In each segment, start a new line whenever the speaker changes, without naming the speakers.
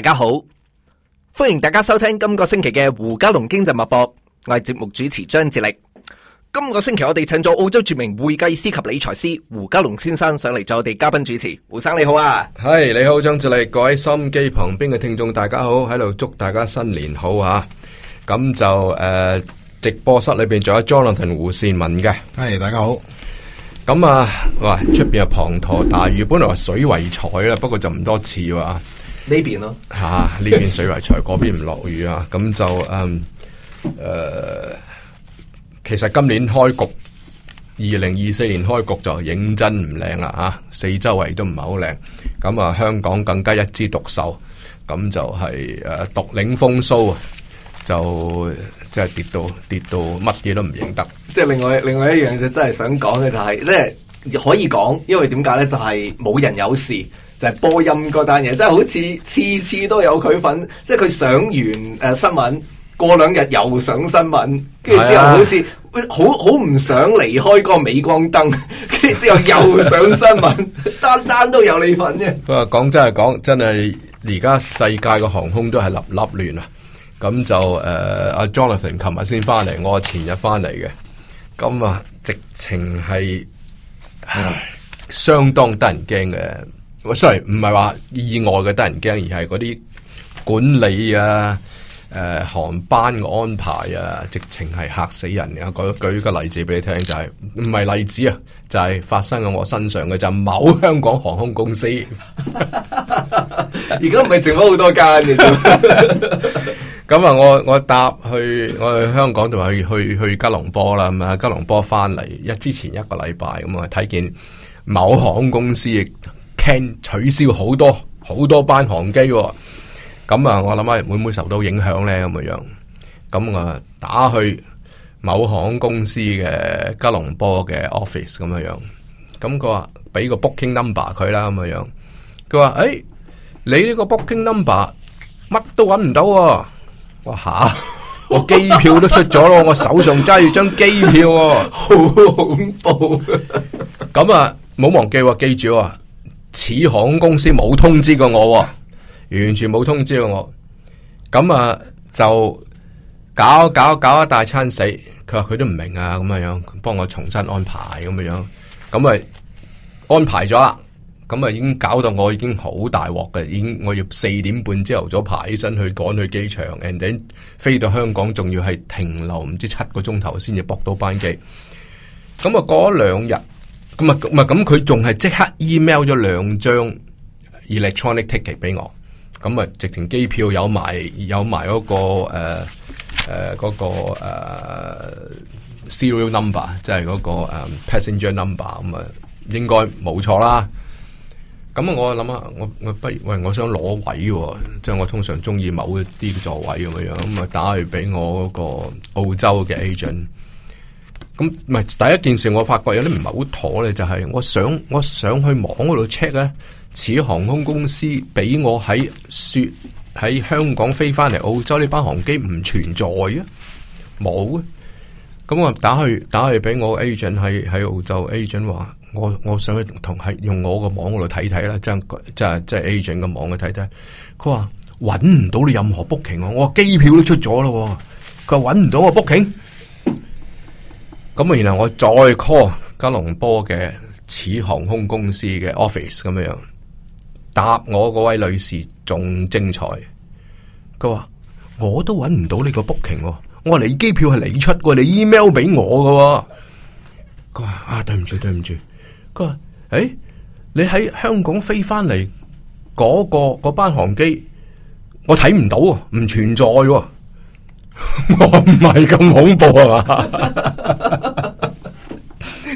大家好，歡迎大家收聽今個星期嘅胡嘉龍經濟脈搏，我係節目主持張志力。今個星期我哋請咗澳洲著名會計師及理財師胡嘉龍先生上嚟做我哋嘉賓主持。胡生你好啊，
係、hey, 你好張志力，各位收音機旁邊嘅聽眾大家好，喺度祝大家新年好啊！咁就誒、呃，直播室裏邊仲有 Jonathan 胡善文嘅，係、hey, 大家好。咁啊，哇，出邊有滂沱大雨，本來話水為財啦，不過就唔多次話。呢邊咯，吓呢邊水為財，嗰邊唔落雨啊，咁就誒，誒、嗯呃，其實今年開局二零二四年開局就認真唔靚啦，吓、啊，四周圍都唔係好靚，咁、嗯、啊香港更加一枝獨秀，咁就係誒獨領風騷啊，就即、是、係跌到跌到乜嘢都唔認得，
即係另外另外一樣嘢真係想講嘅就係、是，即係可以講，因為點解咧就係、是、冇人有事。就係播音嗰單嘢，真係好似次次都有佢份，即係佢上完誒、呃、新聞，過兩日又上新聞，跟住之後好似好好唔想離開嗰個鎂光燈，跟 住之後又上新聞， 單單都有你份
啫。不過講真係講真係，而家世界個航空都係立粒亂啊！咁就誒，阿、呃、Jonathan 琴日先翻嚟，我前日翻嚟嘅，咁啊，直情係唉，相當得人驚嘅。Sorry，唔係話意外嘅得人驚，而係嗰啲管理啊、誒、呃、航班嘅安排啊，直情係嚇死人嘅。舉舉個例子俾你聽，就係唔係例子啊，就係、係、發生喺我身上嘅，就係、某香港航空公司。而家
唔係剩翻好多間嘅。
咁啊， 我我搭去我去香港，同埋去去去吉隆坡啦。咁啊，吉隆坡翻嚟一之前一個禮拜咁啊，睇、嗯、見某航空公司。can 取消好多好多班航機，哦，咁啊，我諗下會唔會受到影響咧？咁嘅樣，咁啊，打去某航空公司嘅吉隆坡嘅 office 咁嘅樣，啊，咁佢話俾個 booking number 佢啦，啊，咁嘅樣，佢話誒，你呢個 booking number 乜都揾唔到，啊哇，我吓，我機票都出咗咯， 我手上揸住張機票，啊，好恐怖，咁啊，冇、 啊、忘記記住啊！此航空公司冇通知過我，完全冇通知過我。咁啊，就搞搞搞一大餐死。佢話佢都唔明啊，咁嘅樣，幫我重新安排咁嘅樣。咁啊，安排咗啦。咁啊，已經搞到我已經好大鑊㗎，已經我要四點半朝頭早爬起身去趕去機場 and then 飛到香港，仲要係停留唔知七個鐘頭先至駁到班機。咁啊，過咗兩日。咁啊，咁啊，咁佢仲係即刻 email 咗兩張 electronic ticket 俾我，咁啊，直程機票有埋有埋嗰個誒誒嗰個誒 serial number，即係嗰個誒 passenger number，咁啊應該冇錯啦。咁啊，我諗下，我我不如，喂，我想攞位喎，即係我通常中意某一啲座位咁樣，咁啊打去俾我嗰個澳洲嘅 agent。咁係第一件事，我發覺有啲唔係好妥咧，就係我想我想去網嗰度 check 咧，此航空公司俾我喺雪喺香港飛翻嚟澳洲呢班航機唔存在啊，冇啊！咁、嗯、我打去打去俾我 agent 喺喺澳洲 agent 話，我我想去同係用我個網嗰度睇睇啦，即係即係即係 agent 嘅網去睇睇。佢話揾唔到你任何 booking 喎，我話機票都出咗咯，佢話揾唔到我 booking。咁啊！原來我再 call 吉隆坡嘅此航空公司嘅 office 咁樣，答我嗰位女士仲精彩。佢話我都揾唔到你個 booking、啊。我話你機票係你出，你 email 俾我㗎、啊。佢話啊，對唔住，對唔住。佢話誒，你喺香港飛翻嚟嗰個嗰班航機，我睇唔到、啊，唔存在、啊。 我唔係咁恐怖啊！嘛，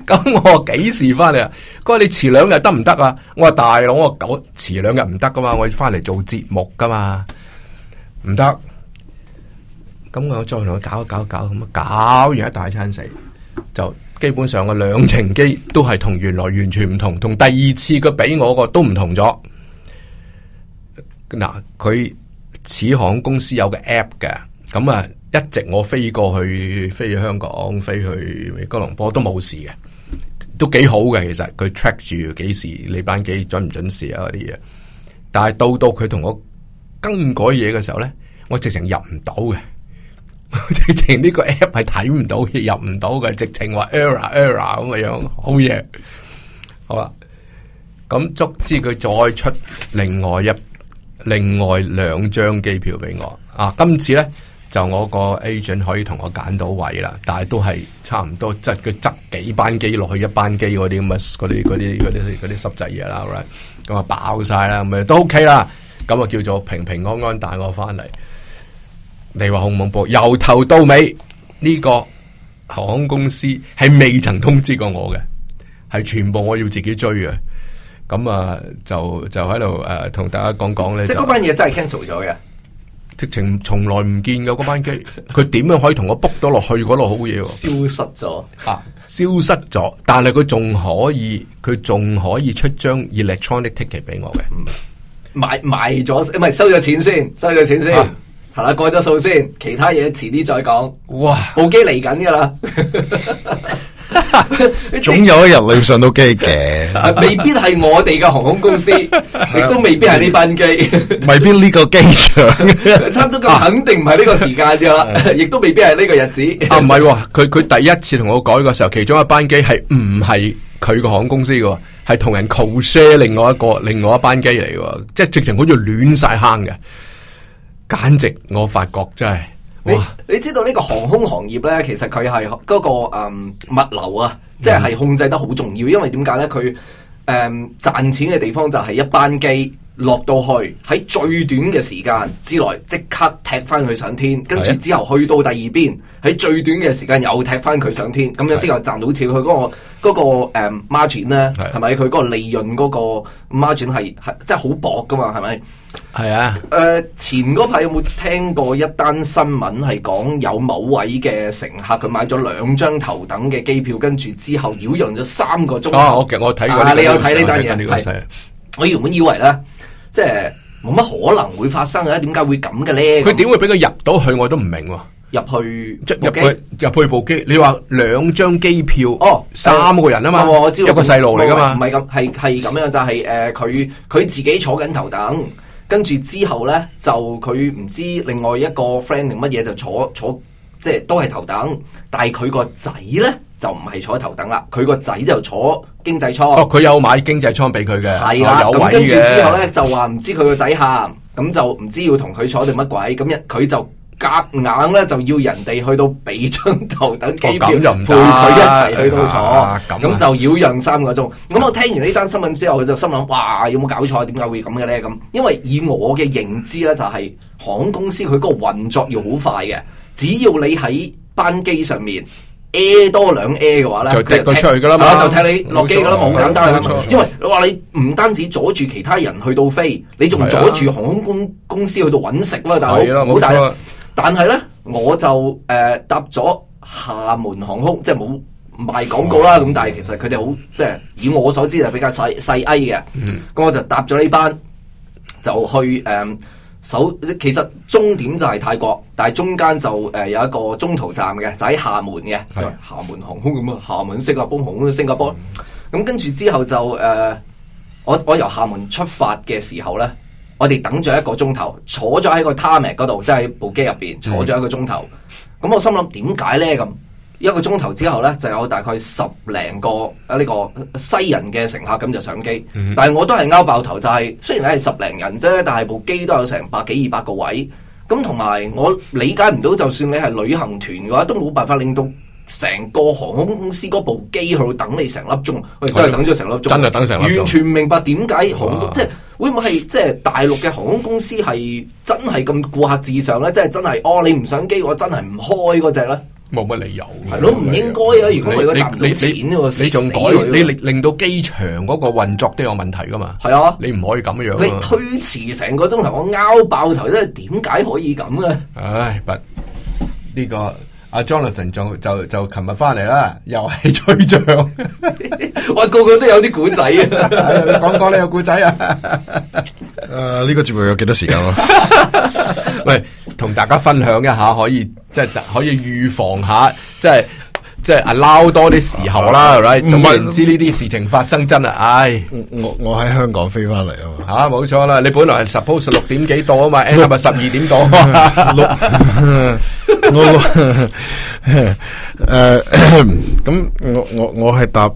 咁我幾時翻嚟啊？佢話你遲兩日得唔得啊？我話大佬，我九遲兩日唔得噶嘛，我要翻嚟做節目噶嘛，唔得。咁我再同佢搞一搞搞，咁啊搞,搞,搞完一大餐食。就基本上個兩程機都係同原來完全唔同，同第二次佢俾我個都唔同咗嗱。佢此行公司有個 app 嘅。咁啊，一直我飛過去，飛去香港，飛去吉隆坡都冇事嘅，都幾好嘅。其實佢 track 住幾時你班機準唔準時啊嗰啲嘢。但係到到佢同我更改嘢嘅時候咧，我直情入唔到嘅， 直情呢個 app 係睇唔到，入唔到嘅，直情話 error error 咁嘅樣，好嘢，好啦，咁足之佢再出另外一另外兩張機票俾我啊，今次咧。就我個 agent 可以同我揀到位啦，但係都係差唔多，即係佢執幾班機落去一班機嗰啲咁啊，嗰啲嗰啲啲啲濕滯嘢啦，咁啊爆晒啦，咁啊都 OK 啦，咁啊叫做平平安安帶我翻嚟。你話恐唔恐怖？由頭到尾呢個航空公司係未曾通知過我嘅，係全部我要自己追嘅。咁啊就就喺度誒同大家講講咧，即係嗰班嘢真係 cancel 咗嘅。直情從來唔見噶嗰班機，佢點樣可以同我 book 到落去嗰度？好嘢，消失咗，吓、啊，消失咗，但係佢仲可以，佢仲可以出張 electronic ticket 俾我嘅。
賣賣咗，唔係、欸、收咗錢先，收咗錢先，係啦、啊，過咗數先，其他嘢遲啲再講。哇，部機嚟緊噶啦！
總有一日你要上到機嘅， 未必係
我哋嘅航空公司，
亦 都未必係呢
班機，
未必呢個機場，
差唔多咁，肯定唔係呢個時間啫，亦 都未必係呢個日子。 啊，
唔係、啊，佢佢第一次同我改嘅時候，其中一班機係唔係佢個航空公司嘅，係同人 codeshare 另外一個另外一班機嚟嘅，即係直情好似亂晒坑嘅，簡直我發覺真係。
你知道呢個航空行業呢，其實佢係嗰個誒、嗯、物流啊，即係控制得好重要，因為點解咧？佢誒賺錢嘅地方就係一班機。落到去喺最短嘅時間之內，即刻踢翻佢上天，跟住之後去到第二邊，喺最短嘅時間又踢翻佢上天，咁樣先又賺到錢。佢嗰個嗰個誒 margin 咧，係咪佢嗰個利潤嗰個 margin 係係真係好薄噶嘛？係咪？係啊的。誒、呃，前嗰排有冇聽過一單新聞係講有某位嘅乘客佢買咗兩張頭等嘅機票，跟住之後擾攘咗三個鐘。哦、okay, 個啊，我其實我睇過。你有睇呢單嘢係。我原本以為咧。即係冇乜可能會發生嘅，點解會咁嘅咧？佢點
會俾佢入到去？我都唔明喎。
入去即入去
入去部機。你話兩張機票，哦，oh, 三個人啊嘛，有、uh, 個細路嚟噶嘛，唔
係咁，係係咁樣就係誒，佢、uh, 佢自己坐緊頭等，跟住之後咧就佢唔知另外一個 friend 定乜嘢就坐坐，即係都係頭等，但係佢個仔咧就唔係坐頭等啦，佢個仔就坐。經濟艙哦，佢有
買經濟艙俾佢嘅，係啦的，咁跟住之後咧就話
唔知佢個仔喊，咁就唔知要同佢坐定乜鬼，咁一佢就夾硬咧就要人哋去到俾張頭等機票陪佢一齊去到坐，咁、哦、就擾攘三個鐘。咁、啊啊、我聽完呢單新聞之後，我就心諗哇，有冇搞錯？點解會咁嘅咧？咁因為以我嘅認知咧，就係航空公司佢嗰個運作要好快嘅，只要你喺班機上面。A 多兩 A 嘅話咧、啊，就踢出去噶啦嘛，就睇你落機噶啦嘛，好簡單。錯因為你話你唔單止阻住其他人去到飛，錯你仲阻住航空公公司去到揾食咯。錯但係好大，錯但係咧錯我就誒、呃、搭咗廈門航空，即係冇賣廣告啦。咁、嗯、但係其實佢哋好即係以我所知就比較細細 A 嘅。咁、嗯、我就搭咗呢班就去誒。嗯首其實終點就係泰國，但係中間就誒、呃、有一個中途站嘅，就喺、是、廈門嘅。係是廈門航空咁啊，廈門新加坡航空，新加坡。咁、嗯嗯、跟住之後就誒、呃，我我由廈門出發嘅時候咧，我哋等咗一個鐘頭，坐咗喺個 tarmac 嗰度，即係部機入邊坐咗一個鐘頭。咁、嗯嗯、我心諗點解咧咁？一個鐘頭之後呢，就有大概十零個啊呢、呢個西人嘅乘客咁就上機。嗯、但係我都係拗爆頭、就係，就係雖然你係十零人啫，但係部機都有成百幾二百個位。咁同埋我理解唔到，就算你係旅行團嘅話，都冇辦法令到成個航空公司嗰部機去等你成粒鐘，是真係等咗成粒鐘。真係等成粒鐘。完全唔明白點解航空哇即係會唔會係即係大陸嘅航空公司係真係咁顧客至上呢？即係真係哦，你唔上機，我真係唔開嗰隻呢。冇乜理，的理由，係咯，唔應該啊！如果佢你個集攤錢，你仲改，呢你令
令到機場嗰個運作都有問題噶嘛？係啊，你唔可以咁樣，啊。你推
遲成個鐘頭，我拗爆頭，即係點解可以咁咧？
唉，不呢、呢個阿 Jonathan 就就就琴日翻嚟啦，又係吹脹。我、 呃、個個都有
啲古仔啊， 講講你有古仔啊。誒，
呢個節目有幾多時
間啊？ 喂！同大家分享一下，可以即係可以預防下，即係即係啊 allow 多啲時候啦，係、right? 咪是？總之呢啲事情發生真係！唉，我我喺香港飛翻嚟啊嘛，吓冇錯啦！你本來係 suppose 我 六點幾到啊嘛 e n 咪十二點到。
我誒，咁我我我係搭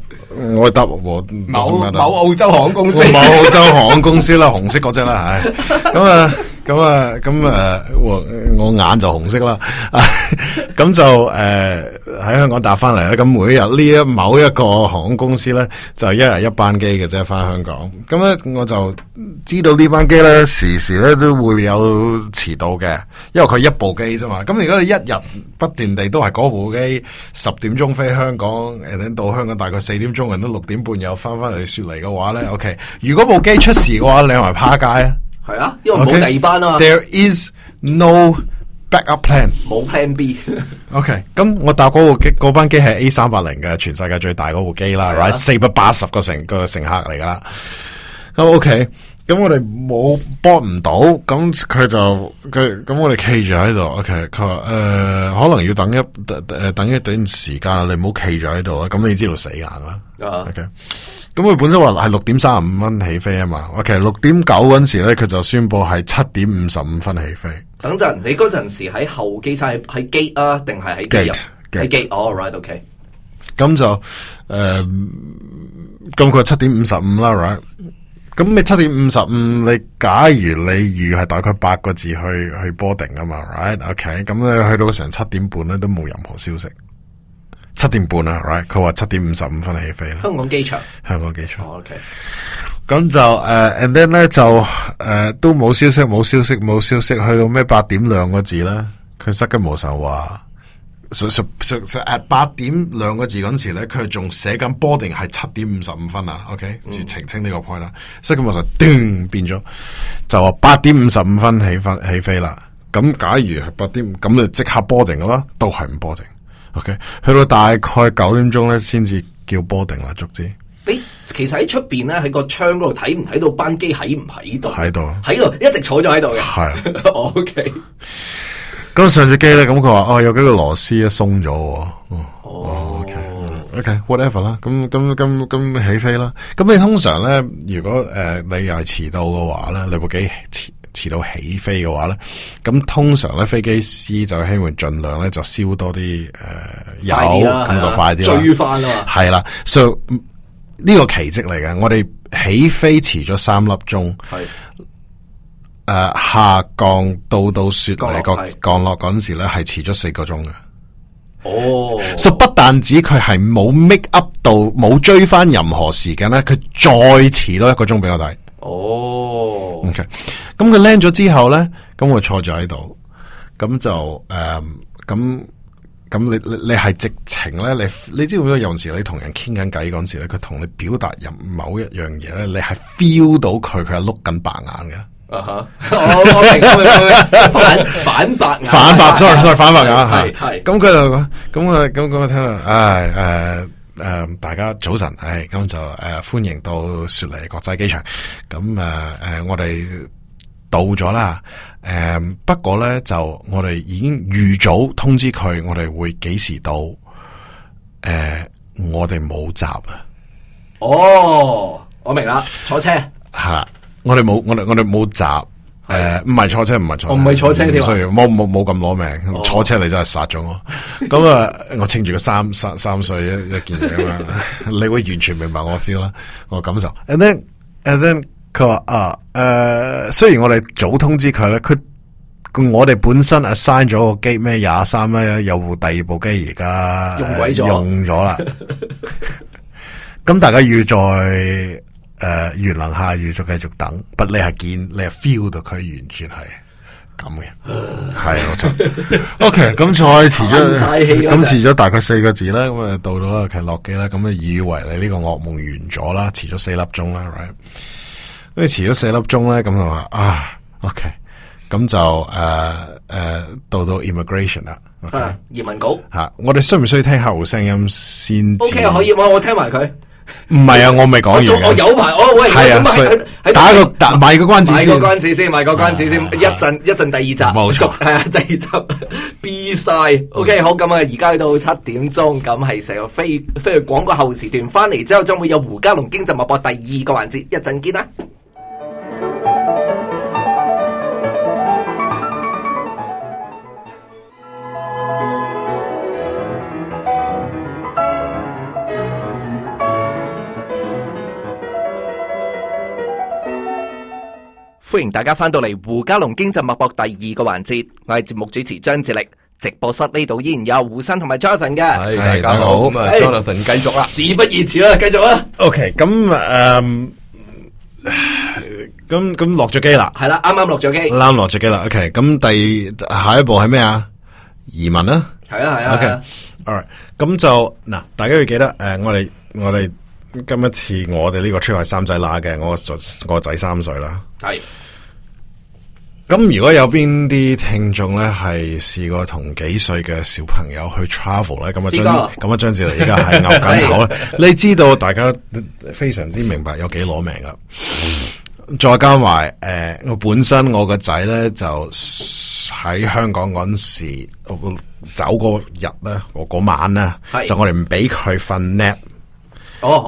我係搭我某某澳洲航空公司，某澳洲航空公司啦， 紅色嗰隻啦，唉，咁啊。 that 咁啊，咁啊，我眼就紅色啦。咁、啊、就誒喺、呃、香港搭翻嚟咧。咁每一日呢一某一個航空公司咧，就係一日一班機嘅啫，翻香港。咁咧我就知道呢班機咧時時咧都會有遲到嘅，因為佢一部機啫嘛。咁如果你一日不斷地都係嗰部機十點鐘飛香港，誒到香港大概四點鐘，人都六點半又翻翻嚟雪梨嘅話咧，OK。如果部機出事嘅話，你係咪趴街啊？係啊，因為冇第二班啊嘛。There is no backup plan，冇 plan B。OK，咁我搭嗰部機，嗰班機係 A 三八零嘅，全世界最大嗰部機啦，right？四百八十個乘個乘客嚟噶啦。咁 OK。咁、嗯、我哋冇幫唔到，咁佢、嗯、就佢咁、嗯、我哋企住喺度。O K，佢話誒，可能要等一誒等，等一段時間啦，你唔好企住喺度啦。咁、嗯、你知道死硬啦。O K，咁佢本身話係六點三十五分起飛啊嘛。O K，六點九嗰陣時咧，佢就宣布係七點五十五分起飛。OK, 起
飛等陣，你嗰陣時喺後機艙，喺喺機啊，定係喺機入？喺
機，All right, OK。咁、嗯、就誒，咁佢七點五十五啦，Right。嗯咁你七點五十五，你假如你預係大概八個字去去波定啊嘛，right？OK，、okay? 咁你去到成七點半咧都冇任何消息。七點半啊，right？佢話七點五十五分起飛啦，香港機場，香港機場。Oh, OK，咁就誒、uh,，and then 咧就誒，uh, 都冇消息，冇消息，冇消息，去到咩八點兩個字咧？佢失嘅冇仇話。上上上八點兩個字嗰時咧，佢仲寫緊 boarding 係七點五十五分啊。OK，要澄、嗯、清呢個 point 啦。所以咁我就叮、嗯、變咗，就話八點五十五分起飛起飛啦。咁假如係八點，咁就即刻 boarding 咯，都係唔 boarding。OK，去到大概九點鐘咧，先至叫 boarding 啦。逐字
你其實喺出邊咧，喺個窗嗰度睇唔睇到班機喺唔喺度？喺度到，喺度一直坐咗喺度嘅。係的 ，OK。
咁上次機咧，咁佢話哦，有幾個螺絲咧鬆咗。哦，哦，哦，OK，whatever，okay, okay, 啦。咁咁咁咁起飛啦。咁你通常咧，如果誒你又係遲到嘅話咧，你部機遲遲到起飛嘅話咧，咁通常咧，飛機師就希望盡量咧就燒多啲誒油，咁、呃、就快啲、啊、最快啊嘛。係啦，所以呢個奇跡嚟嘅。我哋起飛遲咗三粒鐘。係。誒，uh, 下降到到雪嚟，降落降落嗰陣時咧，係遲咗四個鐘嘅。哦，所以不但止佢係冇 make up 到，冇追翻任何時間咧，佢再遲多一個鐘俾我睇。哦，OK，咁佢 land 咗之後咧，咁我坐咗喺度，咁就誒，咁、uh, 咁你你你係直情咧，你呢你，你知唔知有時你同人傾緊偈嗰陣時咧，佢同你表達入某一樣嘢咧，你係 feel 到佢佢係碌緊白眼嘅。啊哈、uh，我、huh. 明，反反白反白，sorry，sorry，反白眼，係係，咁佢就咁啊，咁咁啊，聽啦，唉、哎，誒、呃、誒、呃，大家早晨，誒、哎，咁就誒、呃，歡迎到雪梨國際機場，咁啊，誒、呃呃，我哋到咗啦，誒、呃，不過咧就我哋已經預早通知佢，我哋會幾時到，誒、呃，我哋冇閘啊，哦
，oh, 我明啦，坐車，
吓。 我哋冇，我哋我哋冇閘，誒唔係坐車唔係坐，我唔係坐車添，冇冇冇咁攞命，坐車你真係殺咗我。咁啊，我清住個三三三歲一一件嘢啊，你會完全明白我 feel 啦，我感受。And then and then 佢話啊誒，雖然我哋早通知佢咧，佢我哋本身 assign 咗個機咩廿三咧，有部第二部機而家用咗，用咗啦。咁大家要再。誒，原、呃、能下雨，雨就繼續等，不你係見，你係 feel 到佢完全係咁嘅，係， 我錯。OK，咁再遲咗，咁遲咗大概四個字啦。咁啊到咗啊，其實落機啦，咁啊以為你呢個噩夢完咗啦，遲咗四粒鐘啦 right？遲咗四粒鐘咧，咁就話啊，OK，咁就誒誒、啊啊，到到 immigration 啦，okay? 啊，移民局，吓、啊，我哋需唔需要聽，聽下聲音先？OK，可
以，我我聽埋佢。
唔係啊，我未講完。我有排，我喂，係啊，打個打買個關子先，買個關
子先，買個關子先，一陣一陣第二集，冇錯，係啊，第二集 B 晒，OK，好，咁啊，而家去到七點鐘，咁係成個飛飛去廣告後時段，翻嚟之後將會有胡嘉龍、經濟脈搏第二個環節，一陣見啦。歡迎大家翻到嚟，胡嘉龍經濟脈搏第二個環節，我係節目主持張志力，直播室呢度依然有胡生同埋 Jonathan 嘅。係，大家好，咁啊 possible，Jonathan
繼續啦，事不宜遲啦，繼續啦。OK，咁誒，咁咁落咗機啦，係啦，啱啱落咗機，啱落咗機啦。OK，咁第下一步係咩啊？移民啦，係啦係啦。OK，咁 is ara. 就嗱，大家要記得誒、uh,，我哋我哋今一次我哋呢個出係三仔乸嘅，我個我個仔三歲啦，係。咁如果有邊啲聽眾咧，係試過同幾歲嘅小朋友去 travel 咧？咁啊張咁啊張志玲而家係咬緊口 是的 你知道大家非常之明白有幾攞命啦。再加埋誒，我、呃、本身我個仔咧就喺香港嗰陣時，走嗰日咧，我嗰晚咧是的 就我哋唔俾佢瞓 nap，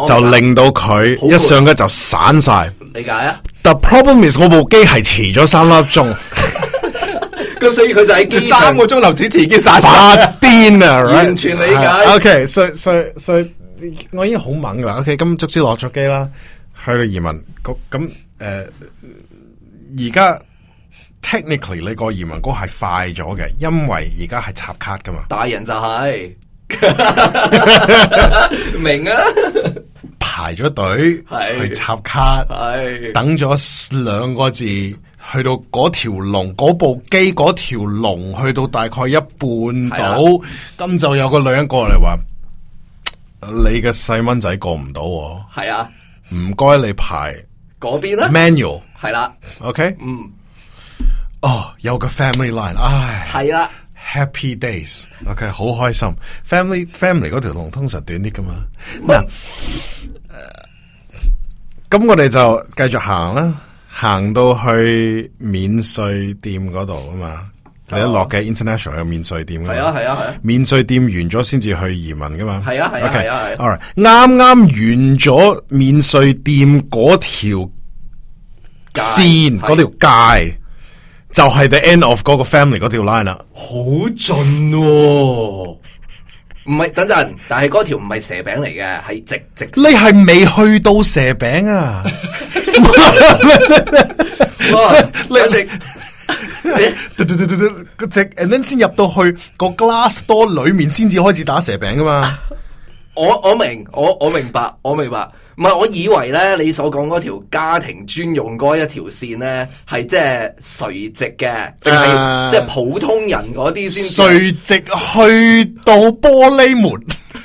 就令到佢一上街
就散晒。哦、散理解啊！個 problem is 我部機係遲咗三粒鐘，
咁 所以佢就喺機三個鐘樓主自己發
癲啊，right? 完全理解。OK，所所所以我已經好猛噶啦。OK，咁卒之落咗機啦，去移民局咁誒，而家、呃、Technically 你個移民局係快咗嘅，因為而家係插卡噶嘛。大人就係、是、 明啊。排咗隊去插
卡，等
咗兩個字，去到嗰條龍嗰部機嗰條龍去到大概一半度，咁就有個女人過嚟話：你嘅細蚊仔過唔到。係啊，唔該你排
嗰邊啦。Manual 係啦
，OK，嗯，哦，有個 Family Line，唉，係啦，Happy Days，OK，好開心。Family Family 嗰條龍通常短啲噶嘛，咁、嗯、我哋就繼續行啦，行到去免稅店嗰度啊嘛，第一落嘅 International 嘅免稅店啊，係啊係啊，啊啊免稅店完咗先至去移民噶嘛，係啊係啊係 Okay, 啊，啊，啊，All right，啱啱完咗免稅店嗰條線嗰街條街，是就係 the end of 嗰個 family 嗰條 line 啦、 哦，
好盡喎。唔係等陣，但係嗰條唔係蛇餅嚟嘅，係直直。直，你
係未去到蛇餅啊？你直，直，直，直，直。And then 先入到去個 glass door 裏面，先至開始打蛇餅㗎嘛？
我我明，我我明白，我明白。唔係，我以為咧，你所講嗰條家庭專用嗰一條線咧，係即係垂直嘅，淨係、uh, 即係普通人嗰啲先垂
直去到玻璃門，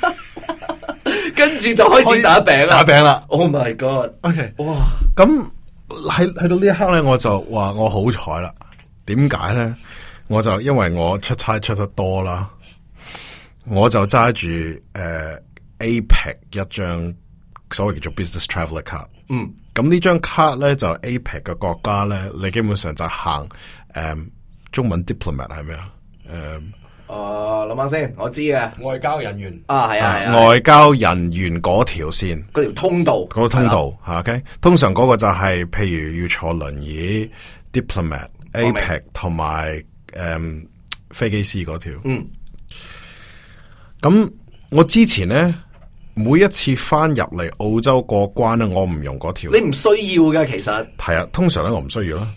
跟住就開始打餅啦，打餅
啦！Oh my god！OK，Okay, 哇！咁喺喺到呢一刻咧，我就話我好彩啦。點解咧？我就因為我出差出得多啦，我就揸住誒 APEC 一張。所謂叫做 business traveler card，嗯，咁呢張卡咧就 APEC 嘅國家咧，你基本上就行，誒、um，中文 diplomat 係咩啊？誒、um, 呃，誒，諗
下先，我知嘅外交人員啊，係啊，外
交人員嗰條線，
嗰條通道，嗰通
道，吓、啊，okay? 通常嗰個就係、是，譬如要坐輪椅 diplomat APEC 同埋誒飛機師嗰條，嗯，咁我之前咧。每一次翻入嚟澳洲過關咧，我唔用嗰條。你唔需
要噶，其實
係啊，通常咧我唔需要啦。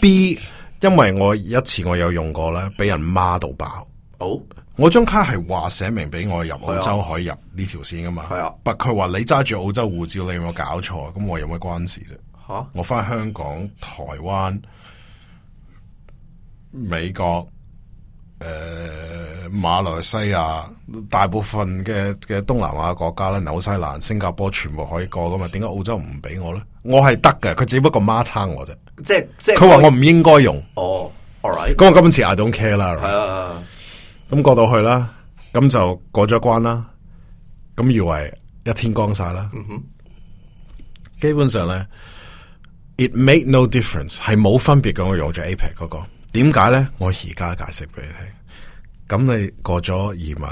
B，因為我一次我有用過咧，俾人媽到爆。好、哦，我張卡係話寫明俾我入澳洲可以入呢條線噶嘛。係啊，不過佢話你揸住澳洲護照，你有冇搞錯？咁我有咩關事啫？吓、啊，我翻香港、台灣、美國。誒，馬來西亞大部分嘅嘅東南亞國家啦，紐西蘭、新加坡全部可以過噶嘛？點解澳洲唔俾我咧？我係得嘅，佢只不過孖撐我啫。
即係即係，佢話我唔
應該用。哦，咁、alright, 我今次唔 care 啦、right? Yeah, yeah.。咁過到去啦，咁就過咗關啦。咁以為一天光晒啦。Mm hmm. 基本上咧，it made no difference 係冇分別嘅，我用咗 APEC 嗰、那個。點解咧？我而家解釋俾你聽。咁你過咗移民，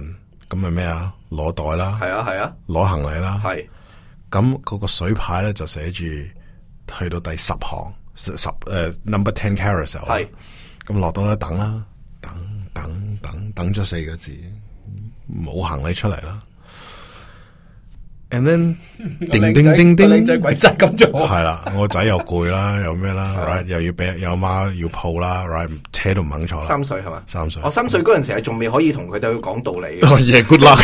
咁咪咩啊？攞袋啦，係啊係啊，攞、啊、行李啦，係是。咁嗰個水牌咧，就寫住去到第十行十誒、呃、Number Ten Carousel，係。咁是落到一等啦，等等等等咗四個字，冇行李出嚟啦。and then 叮叮叮叮，仔鬼晒咁做，係啦，我仔又攰啦，又咩啦 right 又要俾有媽要抱啦 right 車都唔肯坐。三歲係嘛？三歲，我三
歲嗰陣時係仲未可以同佢哋去講道理，多嘢 good luck，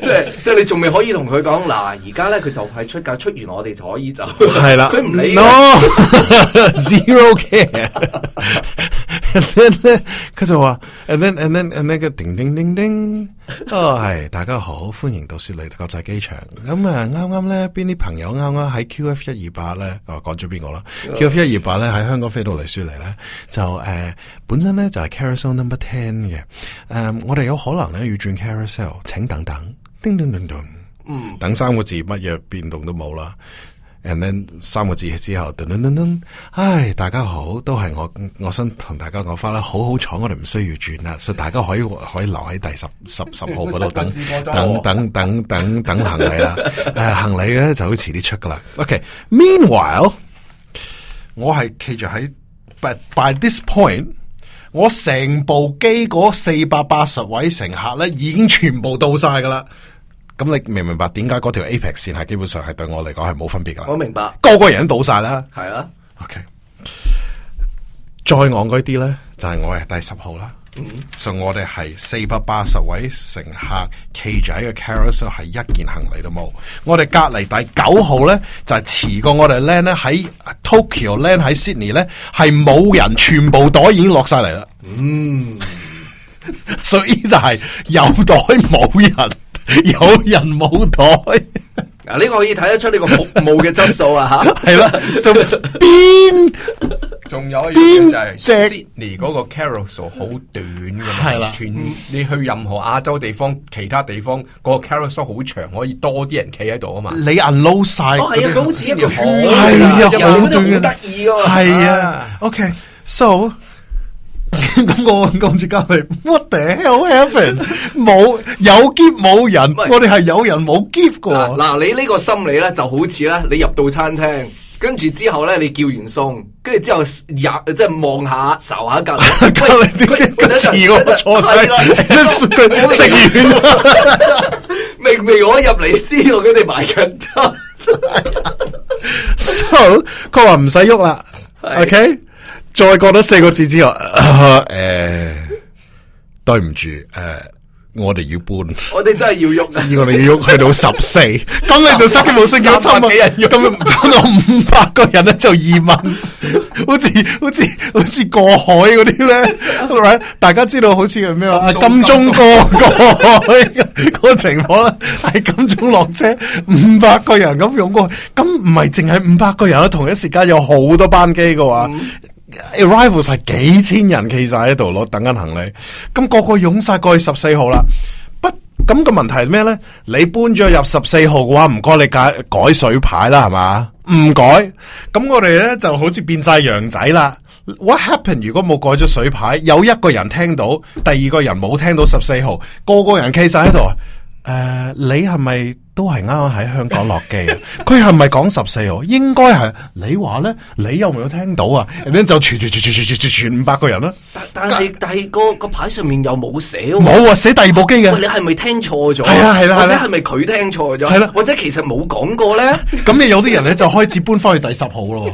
即係即係你仲未可以同佢講嗱，而家咧佢就係出街出完，我哋就可以走，係啦，佢唔理咯，zero care。
咧，佢就話，and then and then and then 個叮叮叮叮，哦係，大家好，歡迎到雪梨國際機場。咁啊，啱啱咧邊啲朋友啱啱喺 QF 一二八咧，啊講咗邊個啦？QF 一二八咧喺香港飛到嚟雪梨咧，就誒，本身咧就係 carousel number ten 嘅。誒，我哋有可能咧要轉 carousel，請等等，叮叮叮叮，等三個字，乜嘢變動都冇啦。And then 三個字之後，噔噔噔噔，唉，大家好，都係我，我想同大家講返啦。好好彩，我哋唔需要轉啦，所以大家可以可以留喺第十十十號嗰度等， 等，等等等等等行李啦。誒， 行李咧就好遲啲出噶啦。OK，Meanwhile，okay, 我係企住喺 But by this point，我成部機嗰四百八十位乘客咧已經全部到晒噶啦。咁你明唔明白點解嗰條 Apex 線係基本上係對我嚟講係冇分別噶？我明白，個個人都倒晒啦，係啊。OK，再講嗰啲咧，就係、是、我係第十號啦。所以、嗯 so, 我哋係四百八十位乘客企住喺個 carousel 係一件行李都冇。我哋隔籬第九號咧，就係、是、遲過我哋 land 咧喺 Tokyo、ok、land 喺 Sydney 咧係冇人，全部袋已經落晒嚟啦。嗯，所以呢，就係有袋冇人。 有人冇袋，嗱呢個可以睇得出呢個服
務嘅質素啊吓，係、啊、啦。邊仲、 so, 有一樣就
係 Sydney 嗰個 carousel 好短嘅，係啦吧。全你去任何亞洲地方，其他地方、個 carousel 好長，可以多啲人企喺度啊嘛。 你
unload 晒、哦，哦係啊，佢好似一個好，係啊，好短，好得意嘅，係啊。OK，so、啊。咁我我住隔籬，what the hell heaven？冇有 give 冇人，我哋係有人冇 give
過。嗱，你呢個心理咧就好似咧，你入到餐廳，跟住之後咧，你叫完餸，跟住之後入，即係望下、愁下隔籬，佢佢似個錯底，食完明明我入嚟先，我佢哋埋緊。
So 佢話唔使喐啦，OK。再過多四個字之後，誒、呃，對唔住，誒、呃，我哋要搬，我哋真係要喐、啊，要我哋要喐去到十四，咁你就失幾冇升、啊，有差咁唔差到五百個人咧，就移民，好似好似好似過海嗰啲咧，right? 大家知道好似係咩啊？金鐘過海嗰個 情況咧，係 金鐘落車五百個人咁湧過去，咁唔係淨係五百個人同一時間有好多班機嘅話。嗯 Arrivals 係幾千人企晒喺度囉，等緊行李，咁個個湧晒過去十四號啦。不咁嘅問題係咩呢？你搬咗入十四號嘅話，唔該你改改水牌啦，係嘛？唔改，咁我哋呢就好似變晒羊仔啦。What happened？如果冇改咗水牌，有一個人聽到，第二個人冇聽到十四號，個個人企晒喺度。誒，你係咪都係啱啱喺香港落機啊？佢係咪講十四號？應該係。你話咧，你有冇聽到啊？人哋就傳五百個人啦。
但但係但係個個牌上面又冇寫，冇啊，寫第二部機嘅。你係咪聽錯咗？係啊係啦，或者係咪佢聽錯咗？係啦，或者其實冇講過咧？咁你有
啲人咧就開始搬翻去第十號咯。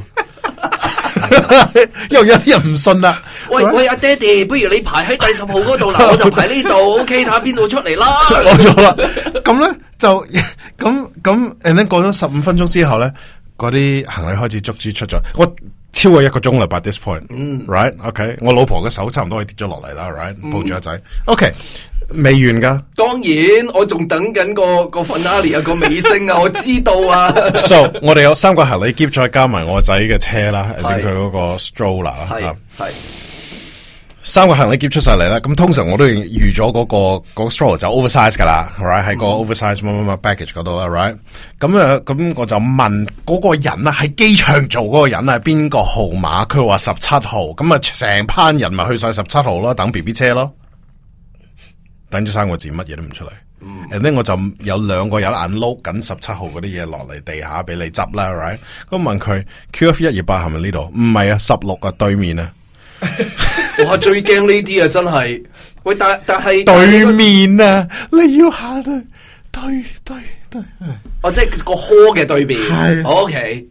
又有人唔信啦！
喂 喂，阿 Right? 爹
哋，不如你排喺第十號嗰度啦， 我就排呢度 ，OK？睇下邊度出嚟啦。冇咗啦，咁咧就咁咁，然後過咗十五分鐘之後咧，嗰啲行李開始逐隻出咗。我超過一個鐘啦，by this point，right？OK，mm. okay? 我老婆嘅手差唔多可以跌咗落嚟啦，right？抱住個仔，OK。未完噶，
當然我仲等緊個個 finale 個尾聲啊！ 我知道啊，So，我
哋有三個行李篋，再加埋我仔嘅車啦，先佢嗰個 stroller 啦，係三個行李篋出晒嚟啦。咁通常我都預咗嗰、那個、那個 stroller 就 oversize 噶啦 right 喺個 oversize 乜乜乜 package 嗰度啦，right。咁啊，咁我就問嗰、那個人啊，喺機場做嗰個人啊，邊個號碼？佢話十七號，咁啊，成班人咪去晒十七號咯，等 B B 車咯。等咗三個字，乜嘢都唔出嚟。誒，咧我就有兩個人眼撈緊十七號嗰啲嘢落嚟地下俾你執啦，right？咁問佢 QF 一二八係咪呢度？唔係啊，十六啊，16，對面啊。
我係 最驚呢啲啊，真係。喂，但但係對
面啊，但你要下對對對對，
對對對哦，即係個呵嘅對面。OK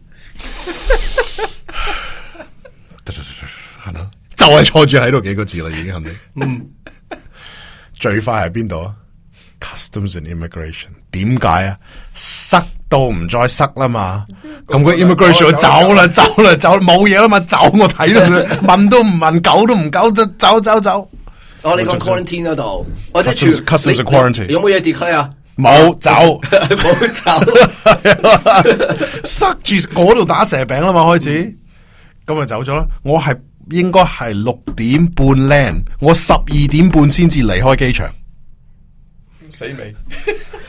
係
咯，就係、是、坐住喺度幾個字啦，已經係咪？ 最快喺邊度啊？Customs and immigration，點解啊？塞到唔再塞啦嘛，咁個 immigration 走啦，走啦，走冇嘢啦嘛，走我睇到，問都唔問，狗都唔狗，走走走。我你個
quarantine 嗰度，我 Customs 喺度 quarantine，有冇嘢跌開啊？冇走，冇走，
塞住嗰度打蛇餅啦嘛，開始，咁啊走咗啦，我係。應該係六點半 land，我十二點半先至離開機場。
死未美？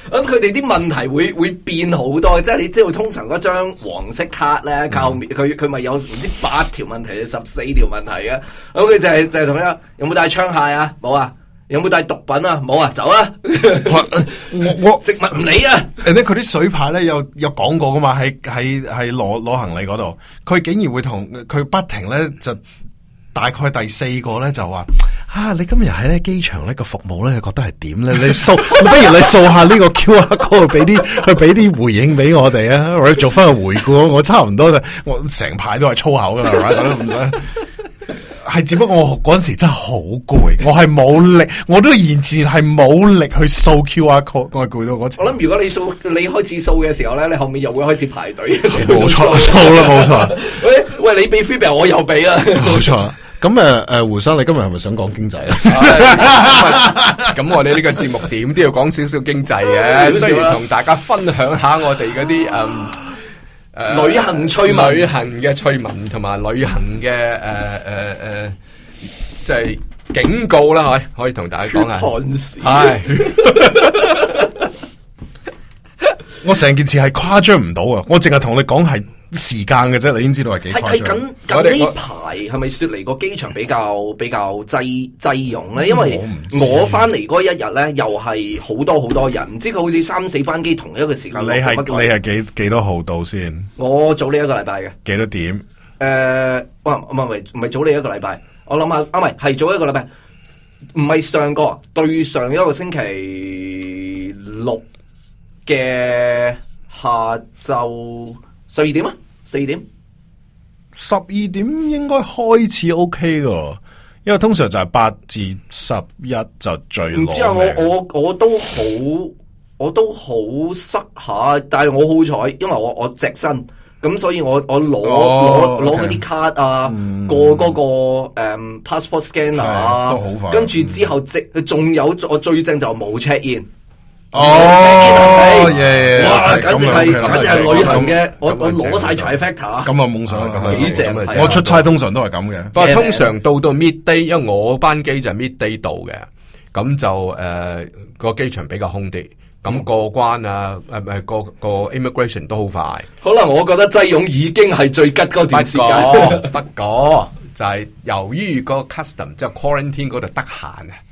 咁佢哋啲問題會會變好多即係你知，係通常嗰張黃色卡咧，卡後面佢佢咪有唔知八條問題十四條問題嘅。咁佢就係、是、就係、是、同你有冇帶槍械啊？冇啊？有冇帶毒品啊？冇啊？走啊！
我我 食物唔理啊。誒，咧佢啲水牌咧有有講過噶嘛？喺喺喺攞攞行李嗰度，佢竟然會同佢不停咧就。大概第四個咧就話，啊，你今日喺呢機場呢個服務咧你覺得係點咧？你掃， 不如你掃下呢個 Q R code，俾啲去俾啲回應俾我哋啊！我哋做翻個回顧，我差唔多就我成排都係粗口噶啦，係咪？唔使， 係只不過我嗰陣時真係好攰，我係冇力，我都完全係冇力去掃 Q R code，我攰到嗰我諗如果
你掃，你開始掃嘅時候咧，你後面又會開始排隊。
冇錯，掃啦，冇錯。
誒， 喂，你俾 f i 我又俾啦，
冇錯。咁啊，誒、呃，胡生，你今日係咪想講經濟
咧？咁、哎嗯嗯嗯嗯、我哋呢個節目點都要講少少經濟嘅、啊，需要同大家分享下我哋嗰啲誒誒旅行催旅行嘅趣聞，同埋旅行嘅誒誒誒，即、呃、係、呃就是、警告啦，可以同大家講下啊，係。
我成件事係誇張唔到啊！我淨係同你講係。時間嘅啫，你已經知道係幾快。係係咁咁呢
排係咪雪梨個機場比較比較擠擠擁咧？因為我翻嚟嗰一日咧，又係好多好多人。唔知佢好似三四班機同一個時間。你係你係
幾幾多號到先？
我早你一個禮拜嘅。幾多點？誒、呃，唔唔唔唔係早你一個禮拜。我諗下，啊唔係係係早一個禮拜，唔係上個對上一個星期六嘅下晝。十二點啊，十二點，
十二點應該開始 OK 嘅，因為通常就係八至十一就最唔知啊！我
我我都好， 我都好塞下，但係我好彩，因為我我直身，咁所以我我攞攞攞嗰啲卡啊，過嗰、嗯、個誒、um, passport scanner 啊，啊跟住之後直，仲、嗯、有我最正就冇 check in。
哦耶！哇，簡直係，簡直
係旅
行嘅，我我攞晒 check factor 咁啊，夢想啦，幾正！我出
差通常都係咁嘅，不過通
常到到 midday，因為我班機就 midday 到嘅，咁就誒個機場比較空啲，咁過關啊誒誒個個 immigration 都好快。可能我
覺得擠擁已經係最吉嗰段時間，
不過就係由於個 custom 即係 quarantine 嗰度得閒啊，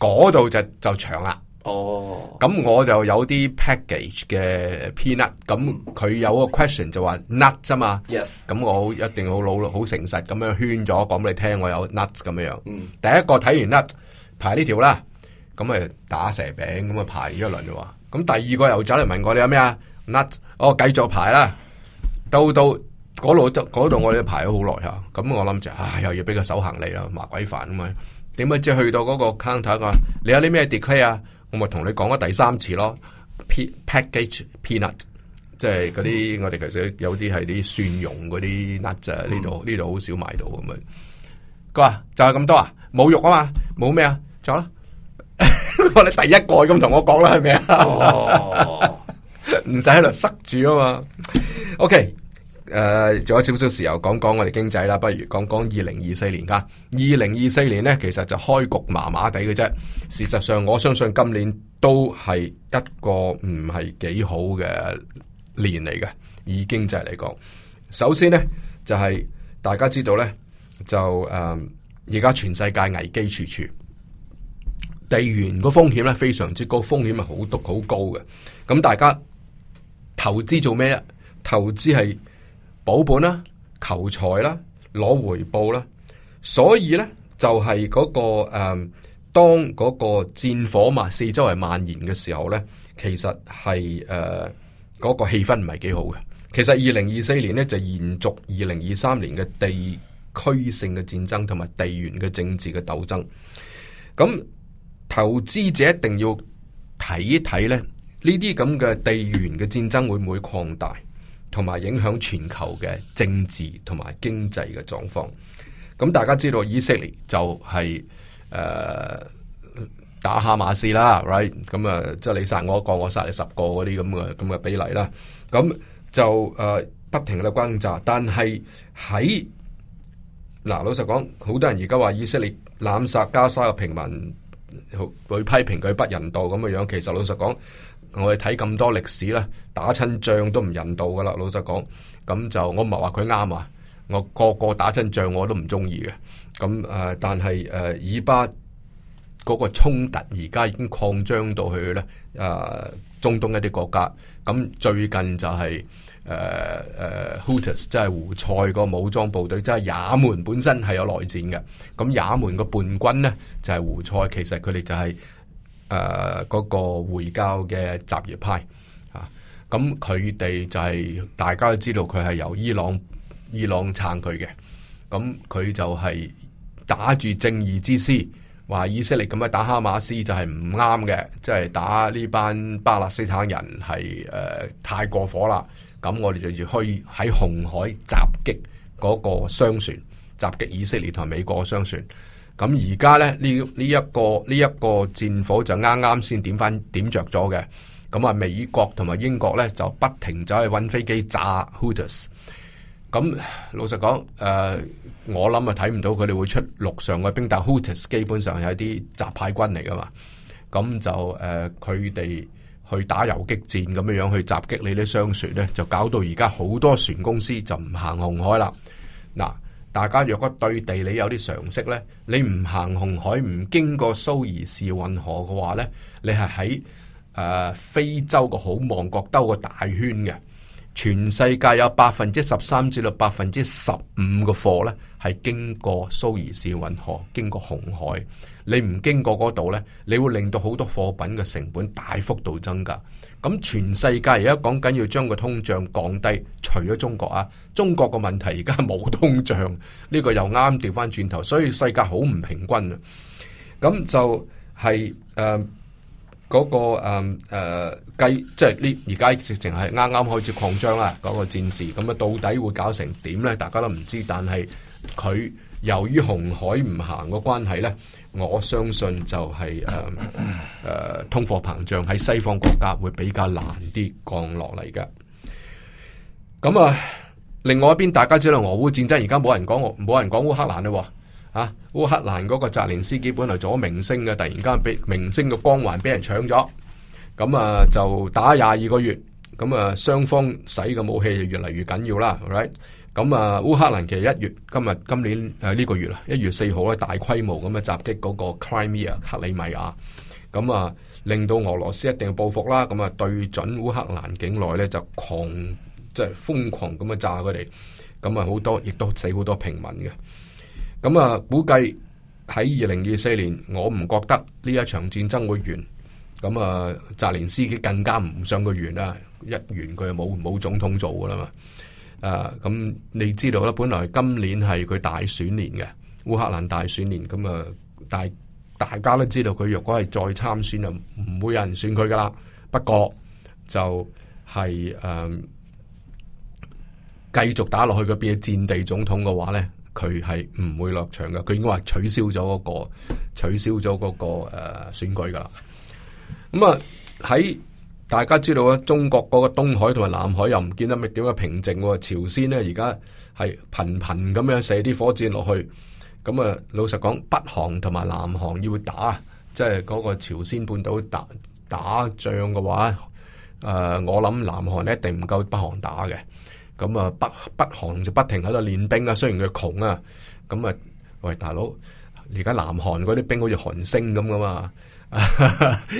嗰度就就長啦。哦，咁我就有啲 package 嘅 peanut 咁佢有個 question 就話 nut 啫嘛，yes，咁我一定好老力、好誠實咁樣圈咗講俾你聽，我有 nut 咁樣樣。嗯、第一個睇完 nut 排呢條啦，咁咪打蛇餅咁啊排咗一輪喎，咁第二個又走嚟問我你有咩啊 nut，哦繼續排啦，到到嗰度我哋排咗好耐吓，咁我諗住啊又要俾個手行李啦，麻鬼煩啊嘛，點不知去到嗰個 counter 啊，你有啲咩 declare 啊？我咪同你講咗第三次咯、P、，pack package peanut，即係嗰啲我哋其實有啲係啲蒜蓉嗰啲 nut 就呢度呢度好少買到咁樣。佢話就係咁多啊，冇肉啊嘛，冇咩啊，仲，我 你第一個咁同我講啦，係咪啊？唔使喺度塞住啊嘛。OK。誒，仲、呃、有少少時候講講我哋經濟啦，不如講講二零二四年噶。二零二四年呢，其實就開局麻麻地嘅啫。事實上，我相信今年都係一個唔係幾好嘅年嚟嘅，以經濟嚟講。首先呢就係、是、大家知道呢，就誒而家全世界危機處處，地緣個風險咧非常之高，風險係好毒好高嘅。咁大家投資做咩啊？投資係。保本啦，求財啦、啊，攞回報啦、啊，所以呢，就係、是、嗰、那個誒、嗯，當嗰個戰火嘛四周圍蔓延嘅時候呢，其實係誒嗰個氣氛唔係幾好嘅。其實二零二四年呢，就延續二零二三年嘅地區性嘅戰爭同埋地緣嘅政治嘅鬥爭。咁、嗯、投資者一定要睇一睇呢，呢啲咁嘅地緣嘅戰爭會唔會擴大？同埋影響全球嘅政治同埋經濟嘅狀況，咁大家知道以色列就係、是、誒、呃、打哈馬斯啦，right 咁啊，即係你殺我一個，我殺你十個嗰啲咁嘅咁嘅比例啦，咁就誒、呃、不停嘅轟炸，但係喺嗱老實講，好多人而家話以色列濫殺加沙嘅平民，會批評佢不人道咁嘅樣，其實老實講。我哋睇咁多歷史咧，打親仗都唔人道噶啦，老實講。咁就我唔係話佢啱啊，我個個，個打親仗我都唔中意嘅。咁誒、呃，但係誒、呃，以巴嗰個衝突而家已經擴張到去咧，誒、呃，中東一啲國家。咁最近就係誒誒，Huthis 即係胡塞個武裝部隊，即、就、係、是、也門本身係有內戰嘅。咁也門個叛軍咧就係、是、胡塞，其實佢哋就係、是。誒嗰、uh, 個回教嘅什葉派啊，咁佢哋就係、是、大家都知道佢係由伊朗伊朗撐佢嘅，咁佢就係打住正義之師，話以色列咁樣打哈馬斯就係唔啱嘅，即、就、係、是、打呢班巴勒斯坦人係誒、呃、太過火啦，咁我哋就要去喺紅海襲擊嗰個商船，襲擊以色列同美國嘅商船。咁而家咧，呢呢一個呢一個戰火就啱啱先點翻點著咗嘅。咁啊美國同埋英國咧就不停走去搵飛機炸 Hooters。咁老實講，誒、呃、我諗啊睇唔到佢哋會出陸上嘅兵，但 Hooters 基本上係一啲雜牌軍嚟噶嘛，咁就誒佢哋去打游擊戰咁樣樣去襲擊你啲商船咧，就搞到而家好多船公司就唔行紅海啦。嗱。大家若果對地理有啲常識呢，你唔行紅海，唔經過蘇伊士運河嘅話呢，你係喺誒非洲個好望角兜個大圈嘅。全世界有百分之十三至到百分之十五嘅貨呢係經過蘇伊士運河，經過紅海。你唔經過嗰度呢，你會令到好多貨品嘅成本大幅度增加。咁全世界而家講緊要將個通脹降低。除咗中國啊，中國個問題而家冇通脹，呢、這個又啱調翻轉頭，所以世界好唔平均啊！咁就係誒嗰個誒誒、呃、即係呢而家直情係啱啱開始擴張啦，嗰、那個戰事。咁啊，到底會搞成點呢？大家都唔知。但係佢由於紅海唔行個關係呢，我相信就係誒誒通貨膨脹喺西方國家會比較難啲降落嚟嘅。咁啊，另外一邊，大家知道俄烏戰爭，而家冇人講冇人講烏克蘭嘞，啊，烏克蘭嗰個澤連斯基本來做咗明星嘅，突然間俾明星嘅光環俾人搶咗，咁啊就打廿二個月，咁啊雙方使嘅武器就越嚟越緊要啦，All right，咁啊烏克蘭其實一月今日今年誒呢、呃這個月啊一月四號咧大規模咁啊，襲擊嗰個 Crimea 克里米亞，咁啊令到俄羅斯一定報復啦，咁啊，啊對準烏克蘭境內咧就狂。即係瘋狂咁樣炸佢哋，咁啊好多，亦都死好多平民嘅。咁啊，估計喺二零二四年，我唔覺得呢一場戰爭會完。咁啊，澤連斯基更加唔想佢完啦，一完佢就冇冇總統做噶啦嘛。誒、啊，咁你知道啦，本來今年係佢大選年嘅，烏克蘭大選年，咁啊，大大家都知道佢若果係再參選就唔會有人選佢噶啦。不過就係、是、誒。嗯繼續打落去嗰邊嘅戰地總統嘅話呢，佢係唔會落場嘅。佢應該話取消咗嗰、那個，取消咗、那個誒、呃、選舉噶啦。咁啊喺大家知道啊，中國嗰個東海同埋南海又唔見得咪點樣平靜。朝鮮呢而家係頻頻咁樣射啲火箭落去。咁啊，老實講，北韓同埋南韓要打，即係嗰個朝鮮半島打打仗嘅話，誒、呃，我諗南韓一定唔夠北韓打嘅。咁啊、嗯，北北韓就不停喺度練兵啊，雖然佢窮啊，咁、嗯、啊，喂大佬，而家南韓嗰啲兵好似韓星咁噶嘛，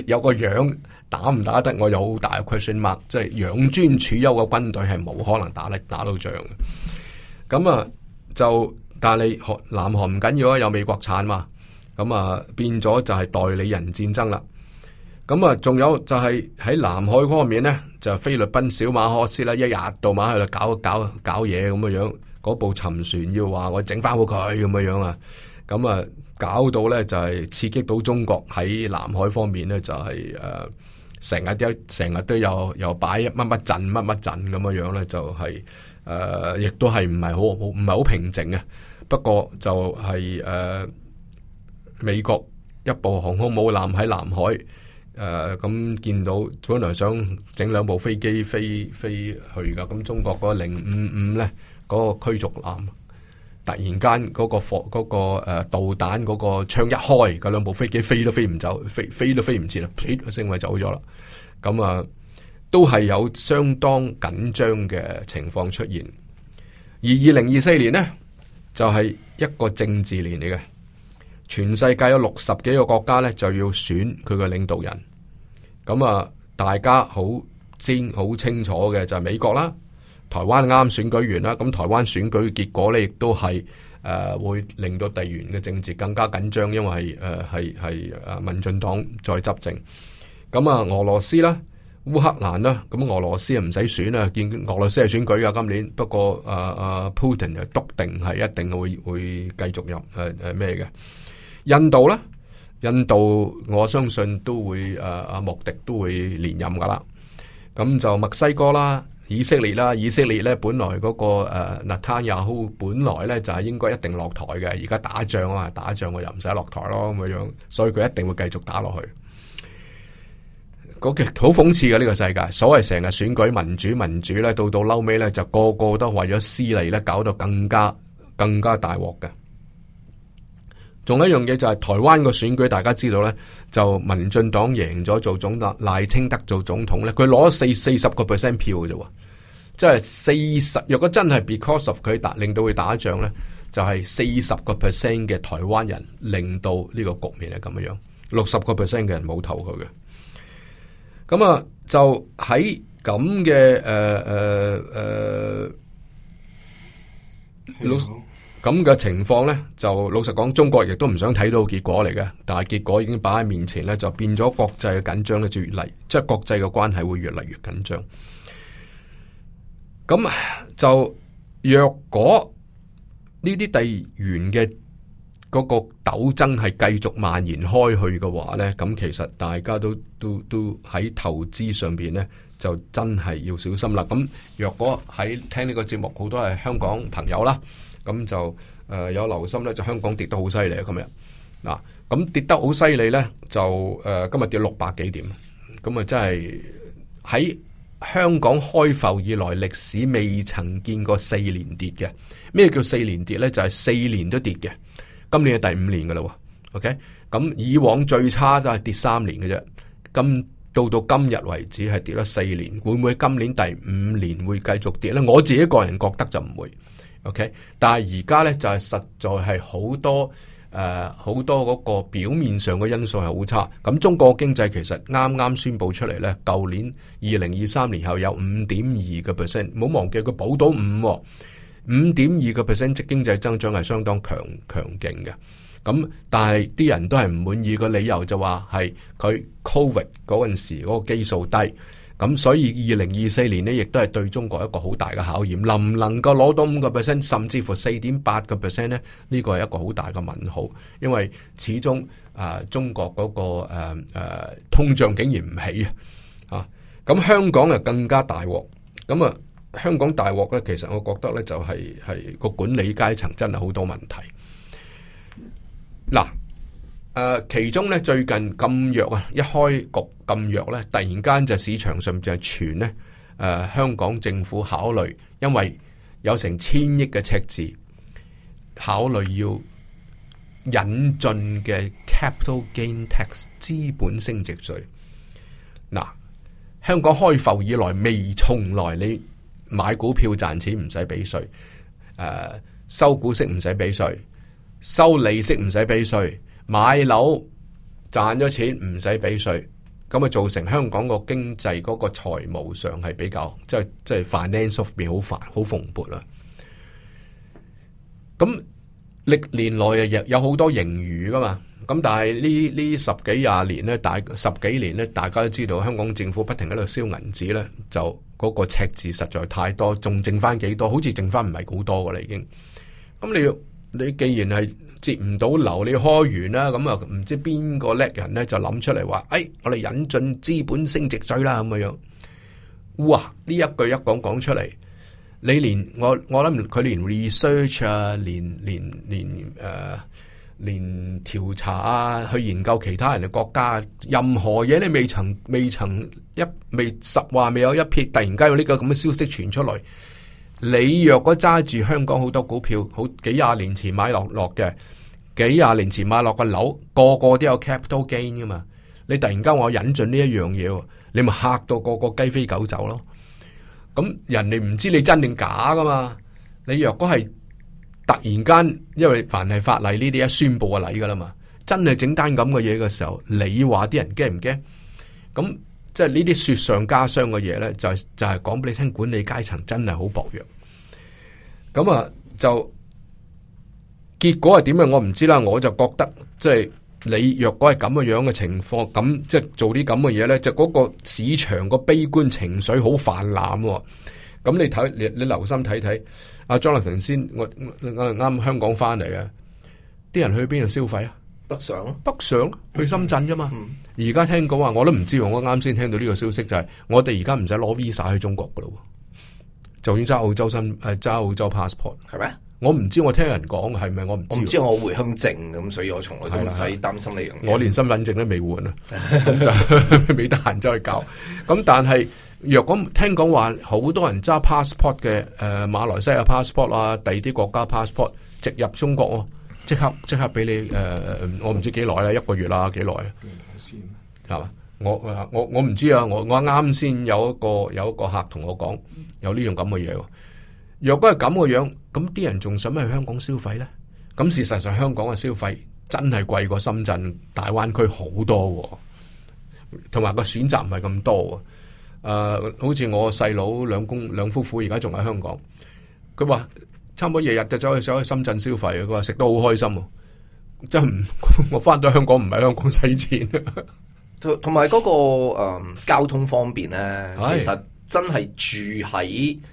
有個樣打唔打，打得，我有好大嘅 question mark 即係養尊處優嘅軍隊係冇可能打咧打到仗嘅，咁、嗯、啊、嗯、就但係你南韓唔緊要啊，有美國產嘛，咁、嗯、啊、嗯、變咗就係代理人戰爭啦。咁啊，仲有就係喺南海方面咧，就菲律賓小馬可斯啦，一日到晚喺度搞搞搞嘢咁嘅樣，嗰部沉船要話我整翻好佢咁嘅樣啊，咁啊搞到咧就係、是、刺激到中國喺南海方面咧就係誒成日都成日都有又擺乜乜陣乜乜陣咁嘅樣咧就係、是、誒、呃、亦都係唔係好唔係好平靜啊，不過就係、是、誒、呃、美國一部航空母艦喺南海。誒，咁、嗯、見到本來想整兩部飛機飛飛去噶，咁、嗯、中國嗰個零五五咧，嗰、那個驅逐艦突然間嗰個火嗰、那個誒、呃、導彈嗰個槍一開，嗰兩部飛機飛都飛唔走，飛飛都飛唔切，啦，撇聲咪走咗啦。咁、嗯、啊、嗯，都係有相當緊張嘅情況出現。而二零二四年呢，就係、是、一個政治年嚟嘅，全世界有六十幾個國家呢，就要選佢嘅領導人。咁啊，大家好先好清楚嘅就係美國啦，台灣啱選舉完啦，咁台灣選舉結果咧亦都係誒會令到地緣嘅政治更加緊張，因為誒係係誒民進黨再執政。咁啊，俄羅斯啦，烏克蘭啦，咁俄羅斯啊唔使選啊，見俄羅斯係選舉啊，今年不過誒誒 Putin 就篤定係一定會會繼續入誒誒咩嘅，印度咧。印度我相信都會誒阿、啊、莫迪都會連任噶啦，咁就墨西哥啦、以色列啦、以色列咧本來嗰、那個誒納塔亞烏本來咧就係應該一定落台嘅，而家打仗啊嘛，打仗我又唔使落台咯咁樣，所以佢一定會繼續打落去。嗰、那個好諷刺嘅呢、這個世界，所謂成日選舉民主民主咧，到到嬲尾咧就個個都為咗私利咧，搞到更加更加大鑊嘅。仲有一樣嘢就係台灣個選舉，大家知道咧，就民進黨贏咗做總統，賴清德做總統咧，佢攞咗四四十個 percent 票嘅啫喎，即係四十。若果真係 because of 佢打令到佢打仗咧，就係四十個 percent 嘅台灣人令到呢個局面係咁樣樣，六十個 percent 嘅人冇投佢嘅。咁啊，就喺咁嘅誒誒誒，呃呃呃咁嘅情況呢，就老實講，中國亦都唔想睇到結果嚟嘅，但係結果已經擺喺面前呢，就變咗國際嘅緊張呢，就是，係越嚟即係國際嘅關係會越嚟越緊張。咁就若果呢啲地緣嘅嗰個鬥爭係繼續蔓延開去嘅話呢，咁其實大家都都都喺投資上邊呢，就真係要小心啦。咁若果喺聽呢個節目，好多係香港朋友啦。咁就誒有留心咧，就香港跌得好犀利啊！今日嗱，咁跌得好犀利咧，就誒、呃、今日跌六百幾點，咁啊真係喺香港開埠以來歷史未曾見過四年跌嘅。咩叫四年跌咧？就係、是、四年都跌嘅。今年係第五年噶啦，OK。咁以往最差都係跌三年嘅啫。今到到今日為止係跌咗四年，會唔會今年第五年會繼續跌咧？我自己個人覺得就唔會。OK，但係而家咧就係、是、實在係好多誒，好、呃、多嗰個表面上嘅因素係好差。咁、嗯、中國經濟其實啱啱宣布出嚟咧，舊年二零二三年後有五點二個 percent，唔好忘記佢補到五五點二個 percent，即係經濟增長係相當強強勁嘅。咁、嗯、但係啲人都係唔滿意，個理由就話係佢 covid 嗰陣時嗰個基數低。咁所以二零二四年呢，亦都係對中國一個好大嘅考驗，能唔能夠攞到五個 percent，甚至乎四點八個 percent 呢？呢個係一個好大嘅問號，因為始終啊、呃，中國嗰、那個誒誒、呃呃、通脹竟然唔起啊！咁、啊、香港又更加大鑊，咁啊香港大鑊咧，其實我覺得咧就係係個管理階層真係好多問題啦。啊。誒，其中咧最近咁弱啊，一開局咁弱咧，突然間就市場上面就傳咧，誒、呃，香港政府考慮，因為有成千億嘅赤字，考慮要引進嘅 capital gain tax 資本升值稅。嗱，香港開埠以來未從來你買股票賺錢唔使俾稅，誒、呃，收股息唔使俾稅，收利息唔使俾稅。買樓賺咗錢唔使俾稅，咁咪造成香港個經濟嗰個財務上係比較即係即係 finance 方面好煩好蓬勃啦。咁歷年來又又有好多盈餘噶嘛，咁但係呢呢十幾廿年咧，大十幾年咧，大家都知道香港政府不停喺度燒銀紙咧，就嗰個赤字實在太多，仲剩翻幾多，好似剩翻唔係好多噶啦已經。咁你你既然係，接唔到流，你開完啦，咁啊，唔知邊個叻人咧就諗出嚟話，誒，我哋引進資本升值稅啦，咁嘅樣，哇！呢一句一講講出嚟，你連我我諗佢連 research 啊，連連連誒，連調、呃、查啊，去研究其他人嘅國家，任何嘢你未曾未曾一未，未實話未有一撇，突然間有呢個咁嘅消息傳出嚟。你若果揸住香港好多股票，好幾廿年前買落落嘅，幾廿年前買落個樓，個個都有 capital gain 噶嘛？你突然間話我引進呢一樣嘢，你咪吓到個個雞飛狗走咯。咁、嗯、人哋唔知你真定假噶嘛？你若果係突然間，因為凡係法例呢啲一宣布就嚟噶啦嘛，真係整單咁嘅嘢嘅時候，你話啲人驚唔驚？咁、嗯。即係呢啲雪上加霜嘅嘢咧，就係、就係講俾你聽，管理階層真係好薄弱。咁啊，就結果係點樣？我唔知啦。我就覺得，即係你若果係咁嘅樣嘅情況，咁即係做啲咁嘅嘢咧，就嗰個市場個悲觀情緒好泛濫喎。咁你睇你你留心睇睇，阿莊立成先，我我哋啱啱香港翻嚟啊，啲人去邊度消費啊？
北上，北
上去深圳噶嘛？嗯嗯、而家聽講話，我都唔知，我啱先聽到呢個消息就係、是，我哋而家唔使攞 visa 去中國噶咯。就算揸澳洲新誒揸澳洲 passport 係咪嗎？我唔知，我聽人講係咪？我唔我唔知我回鄉
證咁，所以
我從來都唔使擔心呢樣嘢。我連身份證都未換啊，未得閒再搞。咁 但係若果聽講話，好多人揸 passport 嘅誒、呃，馬來西亞 passport 啊，第二啲國家 passport 直入中國哦。即刻即刻俾你誒、呃！我唔知幾耐啦，一個月啦幾耐？睇先係嘛？我我我唔知啊！我我啱先有一個有一個客同我講有呢樣咁嘅嘢。若果係咁嘅樣，樣，咁啲人仲想咩去香港消費咧？咁事實上香港嘅消費真係貴過深圳大灣區好多、啊，同埋個選擇唔係咁多、啊。誒、呃，好似我細佬兩公兩夫婦而家仲喺香港，佢話。差唔多日日就走去走去深圳消費啊！佢話食得好開心，真係唔我翻到香港唔係香港使錢。
同埋嗰個、嗯、交通方便呢，其實真係住喺唉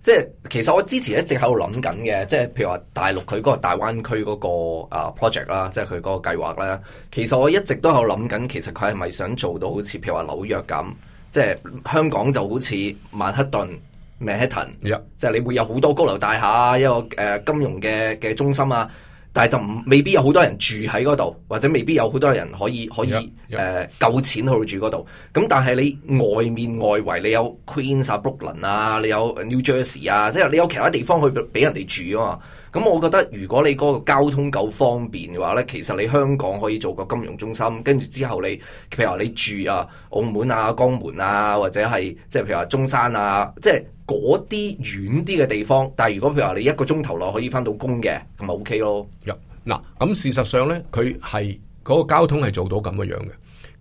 即係，其實我之前一直喺度諗緊嘅，即係譬如話大陸佢嗰個大灣區嗰個啊 project 啦，即係佢嗰個計劃咧。其實我一直都有諗緊，其實佢係咪想做到好似譬如話紐約咁，即係香港就好似曼克頓。Manhattan，Yeah. 即係你會有好多高樓大廈一個誒、呃、金融嘅嘅中心啊，但係就唔未必有好多人住喺嗰度，或者未必有好多人可以可以誒 Yeah.、呃、夠錢去住嗰度。咁但係你外面，外圍你有 Queens 啊、Brooklyn 啊、你有 New Jersey 啊，即係你有其他地方去俾人哋住啊嘛。咁我覺得，如果你嗰個交通夠方便嘅話呢，其實你香港可以做個金融中心，跟住之後你譬如話你住啊澳門啊江門啊，或者係即係譬如話中山啊，即係嗰啲遠啲嘅地方。但係如果譬如話你一個鐘頭內可以翻到工嘅，咁咪 OK 咯。嗱，咁事實上呢，
佢係嗰個交通係做到咁嘅樣嘅。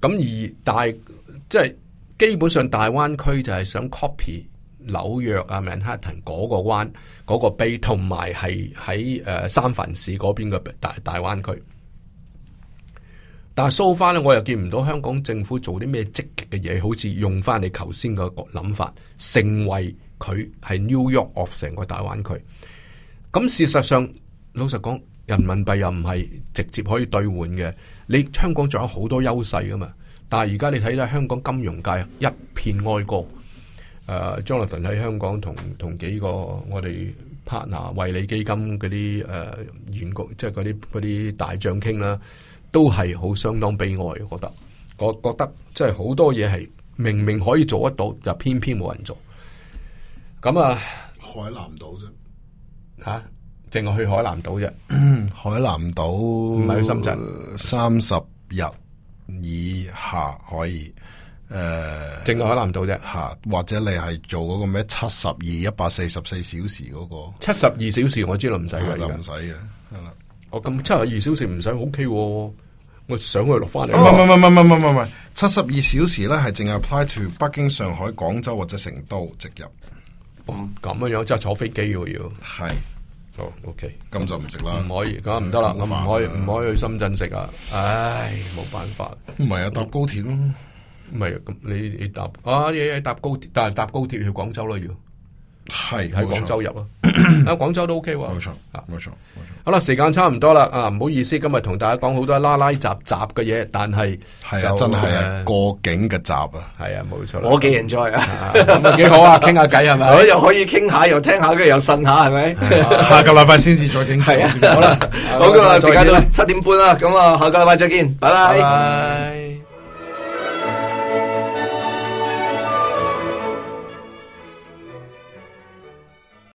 咁而大即係、就是、基本上大灣區就係想 copy。紐約啊 Manhattan 嗰個灣嗰、嗰個碑，同埋係喺誒三藩市嗰邊嘅大大灣區。但係 so far 咧，我又見唔到香港政府做啲咩積極嘅嘢，好似用翻你頭先嘅諗法，成為佢係 New York of 成個大灣區。咁事實上，老實講，人民幣又唔係直接可以兌換嘅。你香港仲有好多優勢噶嘛？但係而家你睇到香港金融界一片哀歌。誒、uh，Jonathan 喺香港同同幾個我哋 partner、惠理基金嗰啲誒員工，即係嗰啲啲大將傾啦、啊，都係好相當悲哀。我覺得我覺得即係好多嘢係明明可以做得到，就偏偏冇人做。咁啊，
海南島啫
吓？淨係去海南島啫。
海南島唔係去深圳，三十日以下可以。誒，淨係海南島啫，吓，或者你係做嗰個咩七十二一百四十四小時嗰個七十二小時，我知道唔使噶，唔使啊，係啦。我咁
七十二小時唔使，OK，我想去落翻嚟。唔唔唔唔
唔唔唔，七十二小時咧係淨係 apply to 北京、上海、廣州或者成都直入。
咁咁樣樣即係坐飛機要要係，好 OK，咁就唔值啦。唔可以，咁唔得啦，我唔可以唔可以去深圳食啊！唉，冇辦法。唔係啊，搭高鐵咯。唔係咁，你你搭啊，你搭高，但係搭高鐵去廣州咯，要係喺廣州入咯，喺廣州都 OK 喎，冇錯啊，冇錯。好啦，時間差唔多啦，啊，唔好意思，今日同大家講好多拉拉雜雜嘅嘢，但係係真係過境嘅雜啊，
係啊，冇錯。我幾 enjoy 啊，咁啊，幾好啊，傾下偈係咪？又可以傾下，又聽下，跟住又呻下，係咪？下個禮拜先至再傾，係啊，好啦，好嘅，時間到啦七點半啦，咁啊，下個禮拜再見，拜拜。